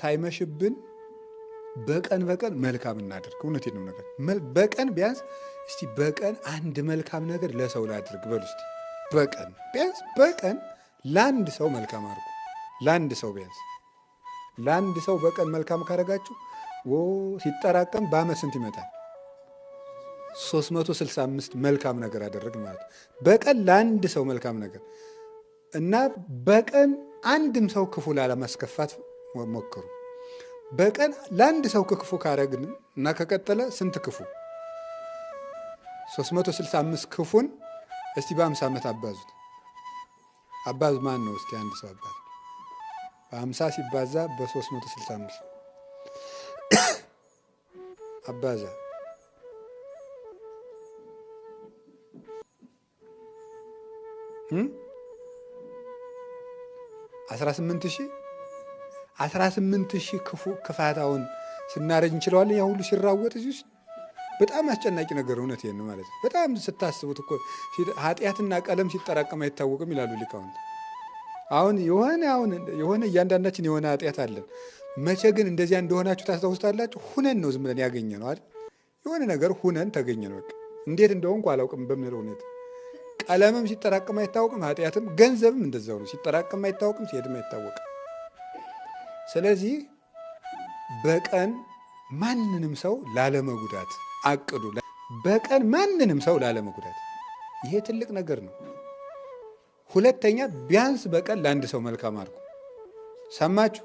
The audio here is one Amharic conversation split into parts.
ሳይመሽብን በቀን በቀን መልካም እናድርግ። እውነቴን ነው ነገር በቀን ቢያንስ እስቲ በቀን አንድ መልካም ነገር ለሰው ላድርግ በል እስቲ በቀን ቢያንስ በቀን ለአንድ ሰው መልካም አድርጉ። ለአንድ ሰው ቢያንስ ለአንድ ሰው በቀን መልካም ካደረጋችሁ ሲጠራቀም በአመት ስንት ይመጣል? 365 መልካም ነገር አደረግ ማለት በቀን ለአንድ ሰው መልካም ነገር እና በቀን አንድም ሰው ክፉ ላለማስከፋት ሞክሩ። በቀን ለአንድ ሰው ክፉ ካረግን እና ከቀጠለ ስንት ክፉ 365 ክፉን እስቲ በ50 ዓመት አባዙት። አባዝ ማን ነው? እስቲ አንድ ሰው አባዝ በ50 ሲባዛ በ365 አባዛ አስራ ስምንት ሺህ አስራ ስምንት ሺህ ክፉ ክፋታውን ስናረጅ እንችለዋለን። ያ ሁሉ ሲራወጥ እዚህ ውስጥ በጣም አስጨናቂ ነገር እውነት ይሄን ማለት ነው። በጣም ስታስቡት እኮ ኃጢአትና ቀለም ሲጠራቀም አይታወቅም ይላሉ ሊቃውንት። አሁን የሆነ አሁን የሆነ እያንዳንዳችን የሆነ ኃጢአት አለን። መቼ ግን እንደዚያ እንደሆናችሁ ታስታውስታላችሁ? ሁነን ነው ዝም ብለን ያገኘ ነው አይደል? የሆነ ነገር ሁነን ተገኘ ነው። በቃ እንዴት እንደሆንኩ አላውቅም በምንለው እውነት ቀለምም ሲጠራቀም አይታወቅም። ኃጢአትም ገንዘብም እንደዛው ነው። ሲጠራቀም አይታወቅም፣ ሲሄድም አይታወቅም። ስለዚህ በቀን ማንንም ሰው ላለመጉዳት አቅዱ። በቀን ማንንም ሰው ላለመጉዳት ይሄ ትልቅ ነገር ነው። ሁለተኛ ቢያንስ በቀን ለአንድ ሰው መልካም አድርጉ። ሰማችሁ?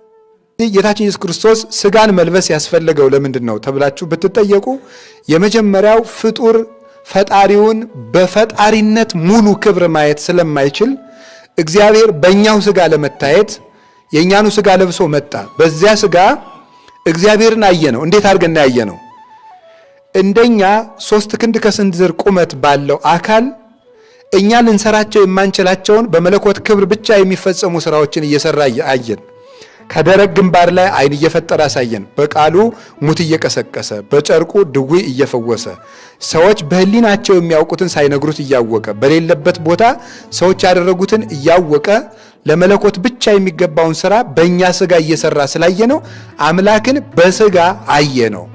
ጌታችን ኢየሱስ ክርስቶስ ስጋን መልበስ ያስፈለገው ለምንድን ነው ተብላችሁ ብትጠየቁ የመጀመሪያው ፍጡር ፈጣሪውን በፈጣሪነት ሙሉ ክብር ማየት ስለማይችል እግዚአብሔር በእኛው ስጋ ለመታየት የእኛኑ ስጋ ለብሶ መጣ። በዚያ ስጋ እግዚአብሔርን አየነው። እንዴት አድርገን ያየነው? እንደኛ ሶስት ክንድ ከስንዝር ቁመት ባለው አካል እኛ ልንሰራቸው የማንችላቸውን በመለኮት ክብር ብቻ የሚፈጸሙ ስራዎችን እየሰራ አየን። ከደረቅ ግንባር ላይ አይን እየፈጠረ አሳየን። በቃሉ ሙት እየቀሰቀሰ በጨርቁ ድዊ እየፈወሰ ሰዎች በህሊናቸው የሚያውቁትን ሳይነግሩት እያወቀ በሌለበት ቦታ ሰዎች ያደረጉትን እያወቀ ለመለኮት ብቻ የሚገባውን ስራ በእኛ ስጋ እየሰራ ስላየ ነው። አምላክን በስጋ አየ ነው።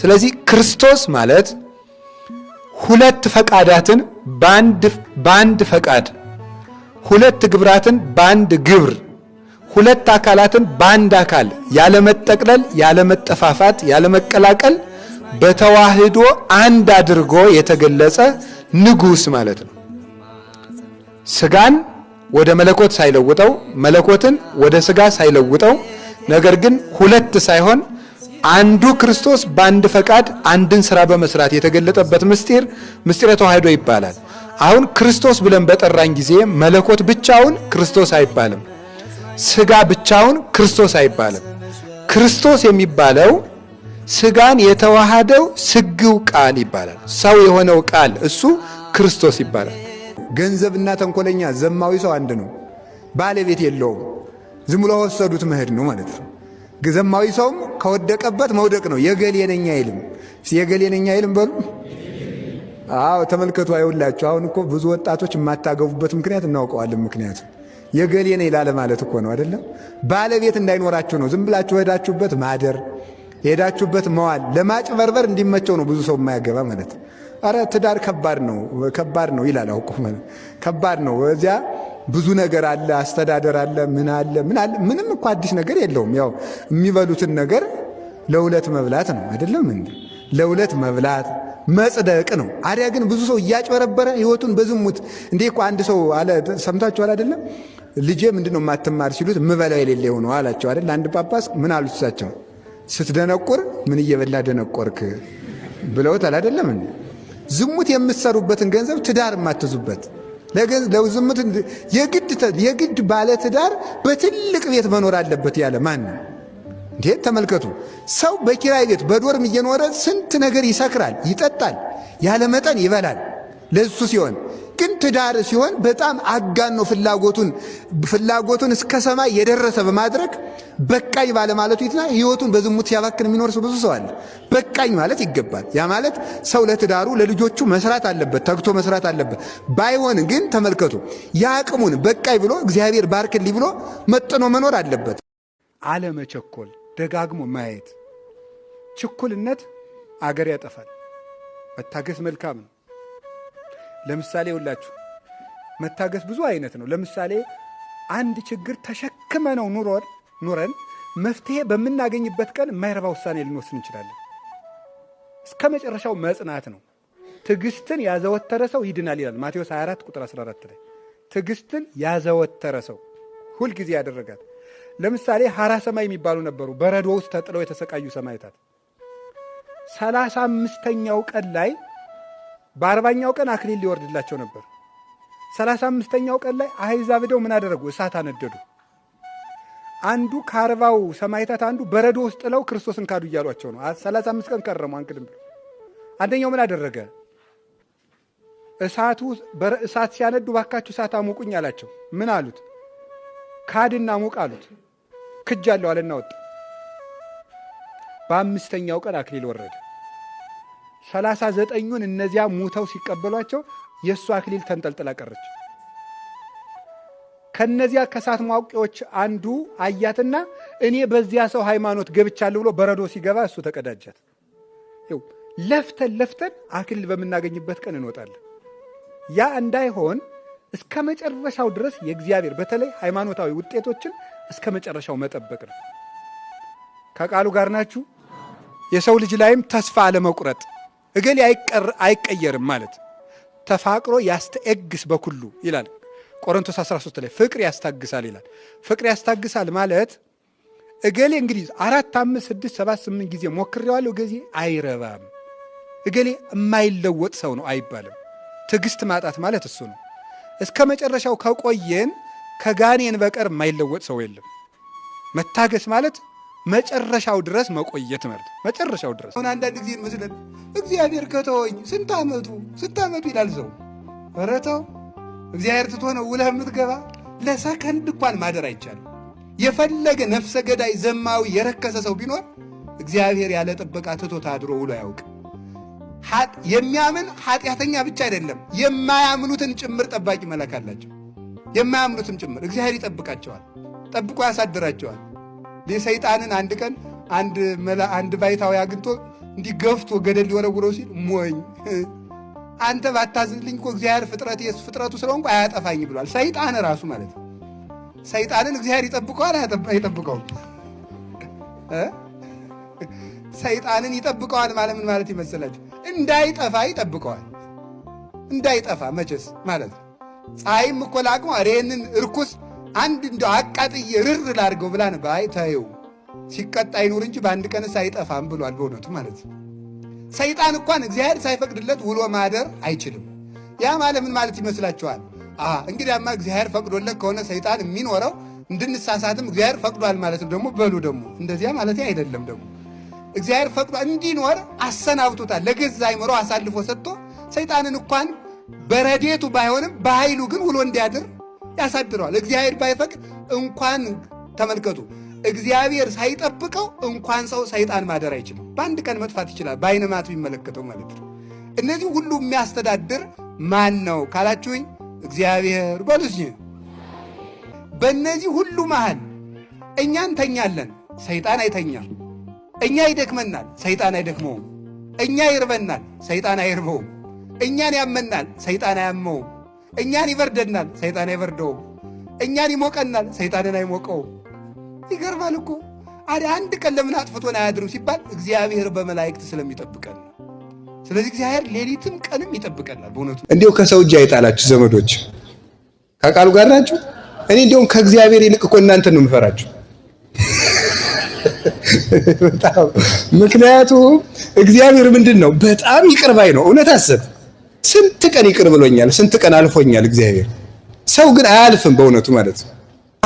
ስለዚህ ክርስቶስ ማለት ሁለት ፈቃዳትን በአንድ ፈቃድ፣ ሁለት ግብራትን በአንድ ግብር፣ ሁለት አካላትን በአንድ አካል ያለመጠቅለል፣ ያለመጠፋፋት፣ ያለመቀላቀል በተዋህዶ አንድ አድርጎ የተገለጸ ንጉሥ ማለት ነው። ስጋን ወደ መለኮት ሳይለውጠው መለኮትን ወደ ስጋ ሳይለውጠው ነገር ግን ሁለት ሳይሆን አንዱ ክርስቶስ በአንድ ፈቃድ አንድን ስራ በመስራት የተገለጠበት ምስጢር ምስጢረ ተዋህዶ ይባላል። አሁን ክርስቶስ ብለን በጠራን ጊዜ መለኮት ብቻውን ክርስቶስ አይባልም፣ ስጋ ብቻውን ክርስቶስ አይባልም። ክርስቶስ የሚባለው ስጋን የተዋሃደው ስግው ቃል ይባላል። ሰው የሆነው ቃል እሱ ክርስቶስ ይባላል። ገንዘብና ተንኮለኛ ዘማዊ ሰው አንድ ነው። ባለቤት የለውም። ዝም ብሎ ወሰዱት መሄድ ነው ማለት ነው። ዘማዊ ሰውም ከወደቀበት መውደቅ ነው። የገሌነኛ አይልም። የገሌነኛ አይልም በሉ። አዎ ተመልከቱ። አይውላችሁ አሁን እኮ ብዙ ወጣቶች የማታገቡበት ምክንያት እናውቀዋለን። ምክንያቱ የገሌነ ይላለ ማለት እኮ ነው አይደለም። ባለቤት እንዳይኖራችሁ ነው። ዝም ብላችሁ ሄዳችሁበት ማደር ሄዳችሁበት መዋል ለማጭበርበር እንዲመቸው ነው ብዙ ሰው የማያገባ ማለት ነው። አረ ትዳር ከባድ ነው ከባድ ነው ይላል። አውቁ ከባድ ነው። እዚያ ብዙ ነገር አለ፣ አስተዳደር አለ፣ ምን አለ ምን አለ። ምንም እኮ አዲስ ነገር የለውም። ያው የሚበሉትን ነገር ለሁለት መብላት ነው አይደለም እንዴ? ለሁለት መብላት መጽደቅ ነው። አዲያ ግን ብዙ ሰው እያጭበረበረ ህይወቱን በዝሙት እንዴ እኮ አንድ ሰው አለ፣ ሰምታችኋል አይደለም? ልጄ ምንድን ነው የማትማር ሲሉት ምበላው የሌለ የሆነው አላቸው አይደል? አንድ ጳጳስ ምን አሉት እሳቸው ስትደነቁር ምን እየበላ ደነቆርክ ብለውታል አይደለም ዝሙት የምትሰሩበትን ገንዘብ ትዳር የማትዙበት ለዝሙት የግድ ባለ ትዳር በትልቅ ቤት መኖር አለበት ያለ ማን ነው ተመልከቱ። ሰው በኪራይ ቤት በዶርም እየኖረ ስንት ነገር ይሰክራል፣ ይጠጣል፣ ያለ መጠን ይበላል። ለሱ ሲሆን ግን ትዳር ሲሆን በጣም አጋኖ ፍላጎቱን ፍላጎቱን እስከ ሰማይ የደረሰ በማድረግ በቃኝ ባለ ማለቱ ይትና ህይወቱን በዝሙት ሲያባክን የሚኖር ሰው ብዙ ሰው አለ። በቃኝ ማለት ይገባል። ያ ማለት ሰው ለትዳሩ ለልጆቹ መስራት አለበት፣ ተግቶ መስራት አለበት። ባይሆን ግን ተመልከቱ፣ የአቅሙን በቃኝ ብሎ እግዚአብሔር ባርክልኝ ብሎ መጥኖ መኖር አለበት። አለመቸኮል፣ ደጋግሞ ማየት። ችኩልነት አገር ያጠፋል። መታገስ መልካም ነው። ለምሳሌ ሁላችሁ መታገስ ብዙ አይነት ነው። ለምሳሌ አንድ ችግር ተሸክመ ነው ኑሮን ኑረን መፍትሄ በምናገኝበት ቀን የማይረባ ውሳኔ ልንወስድ እንችላለን። እስከ መጨረሻው መጽናት ነው። ትዕግስትን ያዘወተረ ሰው ይድናል ይላል ማቴዎስ 24 ቁጥር 14 ላይ። ትዕግስትን ያዘወተረ ሰው ሁልጊዜ ያደረጋት። ለምሳሌ ሐራ ሰማይ የሚባሉ ነበሩ፣ በረዶ ውስጥ ተጥለው የተሰቃዩ ሰማይታት። ሰላሳ አምስተኛው ቀን ላይ በአርባኛው ቀን አክሊል ሊወርድላቸው ነበር። ሰላሳ አምስተኛው ቀን ላይ አሕዛብ ሄደው ምን አደረጉ? እሳት አነደዱ። አንዱ ከአርባው ሰማይታት አንዱ በረዶ ውስጥ ጥለው ክርስቶስን ካዱ እያሏቸው ነው። ሰላሳ አምስት ቀን ከረሙ አንክድም ብሎ አንደኛው ምን አደረገ? እሳቱ እሳት ሲያነዱ ባካችሁ እሳት አሙቁኝ አላቸው። ምን አሉት? ካድና ሙቅ አሉት። ክጅ አለው አለና ወጣ። በአምስተኛው ቀን አክሊል ወረደ። ሰላሳ ዘጠኙን እነዚያ ሙተው ሲቀበሏቸው የእሱ አክሊል ተንጠልጥላ ቀረች። ከነዚያ ከሳት ማውቂዎች አንዱ አያትና እኔ በዚያ ሰው ሃይማኖት ገብቻለሁ ብሎ በረዶ ሲገባ እሱ ተቀዳጃት። ለፍተን ለፍተን አክሊል በምናገኝበት ቀን እንወጣለን። ያ እንዳይሆን እስከ መጨረሻው ድረስ የእግዚአብሔር በተለይ ሃይማኖታዊ ውጤቶችን እስከ መጨረሻው መጠበቅ ነው። ከቃሉ ጋር ናችሁ። የሰው ልጅ ላይም ተስፋ አለመቁረጥ እገሌ አይቀየርም ማለት ተፋቅሮ ያስተኤግስ በኩሉ ይላል ቆሮንቶስ 13 ላይ ፍቅር ያስታግሳል ይላል። ፍቅር ያስታግሳል ማለት እገሌ እንግዲህ አራት አምስት ስድስት ሰባት ስምንት ጊዜ ሞክሬዋለሁ ጊዜ አይረባም፣ እገሌ የማይለወጥ ሰው ነው አይባልም። ትዕግስት ማጣት ማለት እሱ ነው። እስከ መጨረሻው ከቆየን ከጋኔን በቀር የማይለወጥ ሰው የለም። መታገስ ማለት መጨረሻው ድረስ መቆየት ማለት መጨረሻው ድረስ። አሁን አንዳንድ ጊዜ መስለን እግዚአብሔር ከተወኝ ስንት ዓመቱ ስንት ዓመቱ ይላል ሰው ኧረ ተው እግዚአብሔር ትቶ ነው ውለህ የምትገባ? ለሰከንድ እንኳን ማደር አይቻልም። የፈለገ ነፍሰ ገዳይ ዘማዊ የረከሰ ሰው ቢኖር እግዚአብሔር ያለ ጥበቃ ትቶ ታድሮ ውሎ ያውቅ። የሚያምን ኃጢአተኛ ብቻ አይደለም፣ የማያምኑትን ጭምር ጠባቂ መላክ አላቸው። የማያምኑትም ጭምር እግዚአብሔር ይጠብቃቸዋል፣ ጠብቆ ያሳድራቸዋል። ሰይጣንን አንድ ቀን አንድ ባይታዊ አግኝቶ እንዲህ ገፍቶ ገደል ሊወረውረው ሲል ሞኝ አንተ ባታዝንልኝ እኮ እግዚአብሔር ፍጥረት የሱ ፍጥረቱ ስለሆንኩ አያጠፋኝ ብሏል። ሰይጣን ራሱ ማለት ነው። ሰይጣንን እግዚአብሔር ይጠብቀዋል አይጠብቀውም? ሰይጣንን ይጠብቀዋል ማለት ምን ማለት ይመስላችሁ? እንዳይጠፋ ይጠብቀዋል። እንዳይጠፋ መቼስ ማለት ነው። ፀሐይም እኮ ላቅሟ ይህንን እርኩስ አንድ እንደ አቃጥዬ ርር ላድርገው ብላ ነበር። አይ ተይው ሲቀጣ ይኑር እንጂ በአንድ ቀንስ አይጠፋም ብሏል። በእውነቱ ማለት ነው። ሰይጣን እንኳን እግዚአብሔር ሳይፈቅድለት ውሎ ማደር አይችልም። ያ ማለት ምን ማለት ይመስላችኋል? እንግዲያማ እግዚአብሔር ፈቅዶለት ከሆነ ሰይጣን የሚኖረው እንድንሳሳትም እግዚአብሔር ፈቅዷል ማለት ነው። ደግሞ በሉ ደግሞ እንደዚያ ማለት አይደለም። ደግሞ እግዚአብሔር ፈቅዶ እንዲኖር አሰናብቶታል። ለገዛ አይምሮ አሳልፎ ሰጥቶ ሰይጣንን እንኳን በረዴቱ ባይሆንም በኃይሉ ግን ውሎ እንዲያድር ያሳድረዋል። እግዚአብሔር ባይፈቅድ እንኳን ተመልከቱ እግዚአብሔር ሳይጠብቀው እንኳን ሰው ሰይጣን ማደር አይችልም። በአንድ ቀን መጥፋት ይችላል፣ ማት ቢመለከተው ማለት ነው። እነዚህ ሁሉ የሚያስተዳድር ማን ነው ካላችሁኝ፣ እግዚአብሔር በሉስ። በእነዚህ ሁሉ መሃል እኛ እንተኛለን፣ ሰይጣን አይተኛም። እኛ ይደክመናል፣ ሰይጣን አይደክመውም። እኛ ይርበናል፣ ሰይጣን አይርበውም። እኛን ያመናል፣ ሰይጣን አያመውም። እኛን ይበርደናል፣ ሰይጣን አይበርደውም። እኛን ይሞቀናል፣ ሰይጣንን አይሞቀውም። ይገርማል እኮ አዲያ አንድ ቀን ለምን አጥፍቶን አያድርም ሲባል እግዚአብሔር በመላእክት ስለሚጠብቀን ነው። ስለዚህ እግዚአብሔር ሌሊትም ቀንም ይጠብቀናል። በእውነቱ እንዲሁ ከሰው እጅ አይጣላችሁ ዘመዶች፣ ከቃሉ ጋር ናችሁ። እኔ እንዲሁም ከእግዚአብሔር ይልቅ እኮ እናንተ ነው የምፈራችሁ። በጣም ምክንያቱም እግዚአብሔር ምንድን ነው በጣም ይቅር ባይ ነው። እውነት አሰብ ስንት ቀን ይቅር ብሎኛል፣ ስንት ቀን አልፎኛል እግዚአብሔር። ሰው ግን አያልፍም በእውነቱ ማለት ነው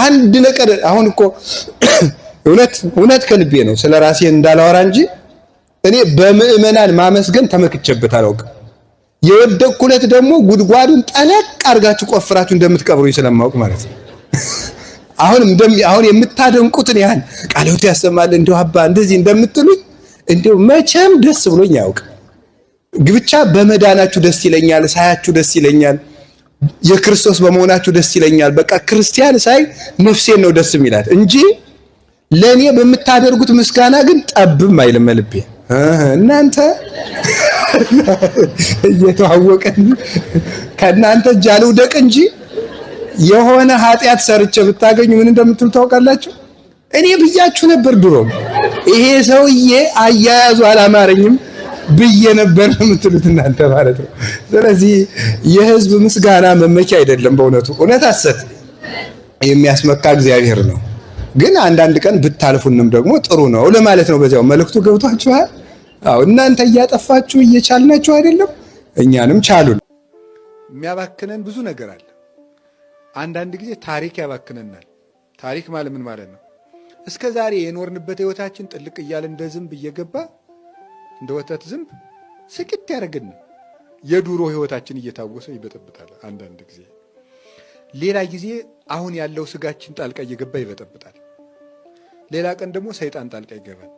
አንድ ነገር አሁን እኮ እውነት እውነት ከልቤ ነው ስለ ራሴ እንዳላወራ እንጂ እኔ በምዕመናን ማመስገን ተመክቼበት አላውቅም። የወደኩለት ደግሞ ጉድጓዱን ጠለቅ አድርጋችሁ ቆፍራችሁ እንደምትቀብሩኝ ስለማወቅ ማለት ነው። አሁን አሁን የምታደንቁትን ያህል ቃልዎት ያሰማል እንደው አባ እንደዚህ እንደምትሉኝ እንደው መቼም ደስ ብሎኝ አያውቅም። ግብቻ በመዳናችሁ ደስ ይለኛል፣ ሳያችሁ ደስ ይለኛል። የክርስቶስ በመሆናችሁ ደስ ይለኛል። በቃ ክርስቲያን ሳይ ነፍሴን ነው ደስ የሚላት እንጂ ለእኔ በምታደርጉት ምስጋና ግን ጠብም አይልም ልቤ። እናንተ እየተዋወቀን ከእናንተ እጅ አልውደቅ እንጂ የሆነ ኃጢአት ሰርቼ ብታገኙ ምን እንደምትሉ ታውቃላችሁ? እኔ ብያችሁ ነበር ድሮም፣ ይሄ ሰውዬ አያያዙ አላማረኝም ብዬ ነበር የምትሉት እናንተ ማለት ነው። ስለዚህ የህዝብ ምስጋና መመኪያ አይደለም። በእውነቱ እውነት አሰት የሚያስመካ እግዚአብሔር ነው። ግን አንዳንድ ቀን ብታልፉንም ደግሞ ጥሩ ነው ለማለት ነው። በዚያው መልእክቱ ገብቷችኋል? አዎ፣ እናንተ እያጠፋችሁ እየቻልናችሁ አይደለም፣ እኛንም ቻሉን። የሚያባክነን ብዙ ነገር አለ። አንዳንድ ጊዜ ታሪክ ያባክነናል። ታሪክ ማለት ምን ማለት ነው? እስከ ዛሬ የኖርንበት ህይወታችን ጥልቅ እያለ እንደ ዝንብ እየገባ እንደ ወተት ዝንብ ስቅት ያደረግን የዱሮ ህይወታችን እየታወሰ ይበጠብጣል። አንዳንድ ጊዜ ሌላ ጊዜ አሁን ያለው ስጋችን ጣልቃ እየገባ ይበጠብጣል። ሌላ ቀን ደግሞ ሰይጣን ጣልቃ ይገባል።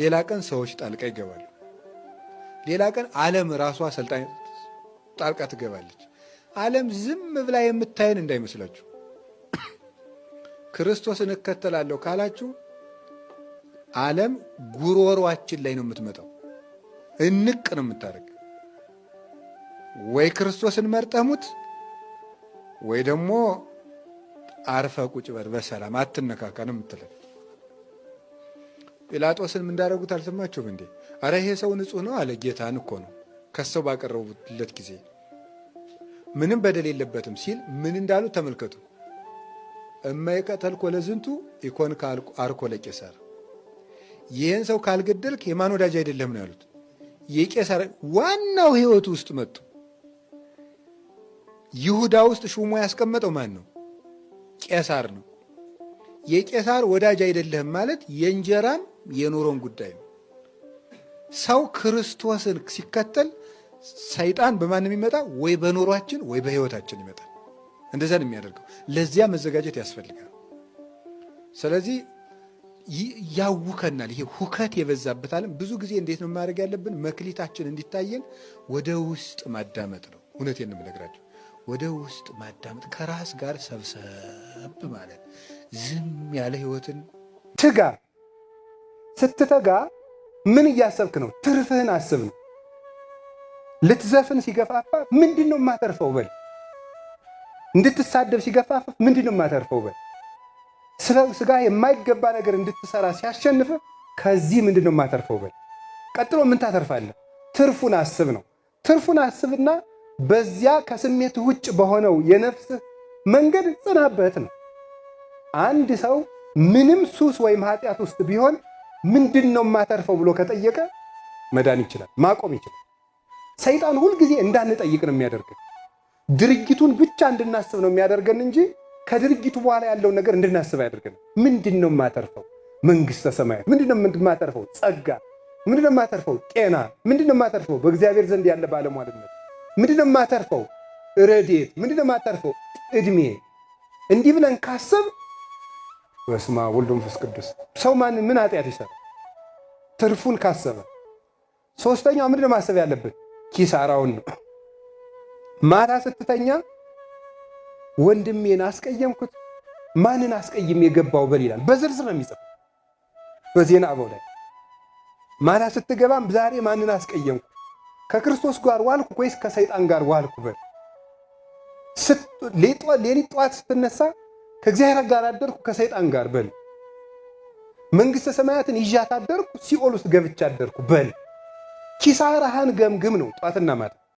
ሌላ ቀን ሰዎች ጣልቃ ይገባሉ። ሌላ ቀን ዓለም ራሷ ሰልጣኝ ጣልቃ ትገባለች። ዓለም ዝም ብላ የምታየን እንዳይመስላችሁ። ክርስቶስን እከተላለሁ ካላችሁ ዓለም ጉሮሯችን ላይ ነው የምትመጣው። እንቅ ነው የምታደርግ። ወይ ክርስቶስን መርጠሙት ወይ ደግሞ አርፈ ቁጭ በር በሰላም አትነካካ ነው የምትለው። ጲላጦስን እንዳደረጉት አልሰማችሁም እንዴ? አረ ይሄ ሰው ንጹህ ነው አለ። ጌታን እኮ ነው ከሰው ባቀረቡለት ጊዜ ምንም በደል የለበትም ሲል ምን እንዳሉ ተመልከቱ። እማይቀተል ለዝንቱ ኢኮን አርኮ ለቄሳር ይህን ሰው ካልገደልክ የማን ወዳጅ አይደለም ነው ያሉት። የቄሳር ዋናው ህይወቱ ውስጥ መጡ። ይሁዳ ውስጥ ሹሞ ያስቀመጠው ማን ነው? ቄሳር ነው። የቄሳር ወዳጅ አይደለህም ማለት የእንጀራም የኑሮን ጉዳይ ነው። ሰው ክርስቶስን ሲከተል ሰይጣን በማንም ይመጣ ወይ በኑሯችን ወይ በህይወታችን ይመጣል። እንደዛ ነው የሚያደርገው። ለዚያ መዘጋጀት ያስፈልጋል። ስለዚህ ያውከናል። ይሄ ሁከት የበዛበት ዓለም ብዙ ጊዜ እንዴት ነው ማድረግ ያለብን? መክሊታችን እንዲታየን ወደ ውስጥ ማዳመጥ ነው። እውነቴን ነው የምነግራቸው። ወደ ውስጥ ማዳመጥ፣ ከራስ ጋር ሰብሰብ ማለት፣ ዝም ያለ ህይወትን ትጋ። ስትተጋ ምን እያሰብክ ነው? ትርፍህን አስብ ነው። ልትዘፍን ሲገፋፋ ምንድን ነው የማተርፈው በል። እንድትሳደብ ሲገፋፋ ምንድን ነው የማተርፈው በል ስጋ የማይገባ ነገር እንድትሰራ ሲያሸንፍ ከዚህ ምንድን ነው የማተርፈው? በል ቀጥሎ ምን ታተርፋለህ? ትርፉን አስብ ነው። ትርፉን አስብና በዚያ ከስሜት ውጭ በሆነው የነፍስህ መንገድ ጽናበት ነው። አንድ ሰው ምንም ሱስ ወይም ኃጢአት ውስጥ ቢሆን ምንድን ነው የማተርፈው ብሎ ከጠየቀ መዳን ይችላል፣ ማቆም ይችላል። ሰይጣን ሁልጊዜ እንዳንጠይቅ ነው የሚያደርገን። ድርጊቱን ብቻ እንድናስብ ነው የሚያደርገን እንጂ ከድርጊቱ በኋላ ያለውን ነገር እንድናስብ ያደርገን። ምንድን ነው የማተርፈው? መንግስተ ሰማያት። ምንድን ነው የማተርፈው? ጸጋ። ምንድን ነው የማተርፈው? ጤና። ምንድን ነው የማተርፈው? በእግዚአብሔር ዘንድ ያለ ባለሟልነት። ምንድን ነው የማተርፈው? ረዴት። ምንድን ነው የማተርፈው? እድሜ። እንዲህ ብለን ካሰብ በስመ አብ ወልድ ወመንፈስ ቅዱስ ሰው ማን ምን ኃጢአት ይሰራ? ትርፉን ካሰበ። ሶስተኛው ምንድን ነው ማሰብ ያለብን? ኪሳራውን ነው። ማታ ስትተኛ ወንድሜን አስቀየምኩት፣ ማንን አስቀይም የገባው በል ይላል። በዝርዝር ነው የሚጽፈው በዜና አበው ላይ ማታ ስትገባም ዛሬ ማንን አስቀየምኩ፣ ከክርስቶስ ጋር ዋልኩ ወይስ ከሰይጣን ጋር ዋልኩ በል። ሌሊት ጠዋት ስትነሳ ከእግዚአብሔር ጋር አደርኩ ከሰይጣን ጋር በል። መንግሥተ ሰማያትን ይዣት አደርኩ ሲኦል ውስጥ ገብቻ አደርኩ በል። ኪሳራህን ገምግም ነው ጠዋትና ማታ